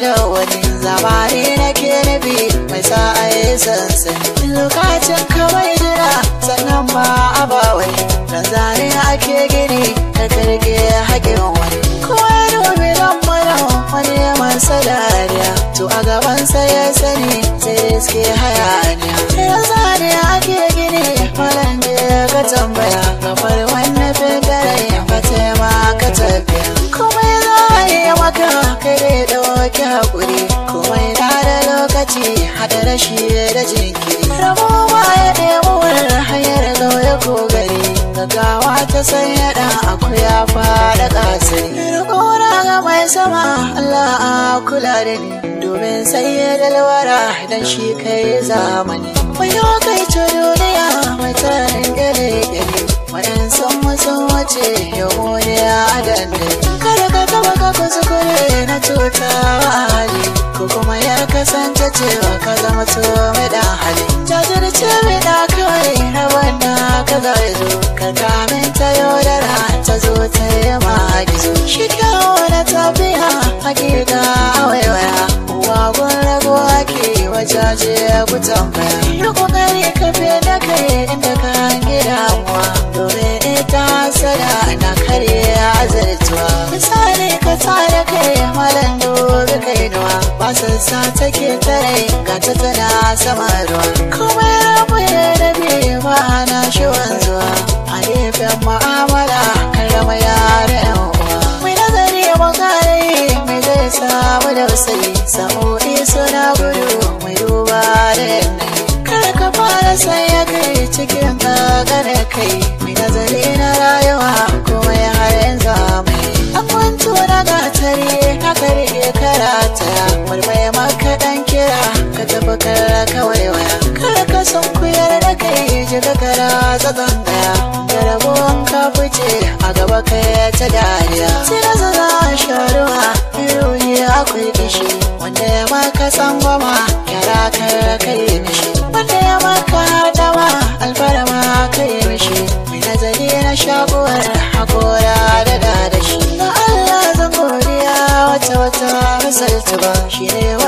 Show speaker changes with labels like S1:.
S1: da wani labari na ke mai sa'a ya sansani lokacin kawai jira sannan ba a ba wani zane ake gini da karge haƙin wani ya dubi don mana wani ya masa dariya to a sa ya sani sai iske hayaniya ya zane ake gini malam da ya ka tambaya ki haƙuri kuma yana da lokaci hada rashi da jinkiri rabo ma ya ɗebo wannan hanyar gauye ko gari gaggawa ta sanya ɗan akuya fara ƙasari rikona ga mai sama Allah a kula da ni domin ya dalwara dan shi kai zamani yau kai ta duniya mai tarin gare tutawa hali ko kuma ya kasance cewa ka zama tuwo mai da hali jajirce mai da kawai na da ka zai zo ka kamin ta yaudara ta zo ta yi ma gizo shi kawo na tafiya hakika waiwaya wagon rago ake wajaje ya gutan baya yi kokari ka fi da kai inda ka hangi damuwa domin ita sada na karya azartuwa ka tsare kai malam dole kai nawa basassa take tare ga ta tana sama ruwa kuma rabu ya biyu ba na shi wanzuwa a gefen ma'amala karama yare yan uwa mai nazari ya makare mai zai samu da wasai sa'o'i suna gudu mai duba da yanayi kar ka fara sai ya kai cikin gagara kai mai nazari kalla kawai waya kada ka san kuyar da kai jiga kara zaton daya da rabuwan ka fice a gaba kai ta dariya tira zana sharuwa ruhi akwai kishi wanda ya maka san goma yara ka kai mishi wanda ya maka dama alfarma kai mishi mai nazari na shaguwar hakora da dadashi na Allah zan godiya wata wata misalta ba shi ne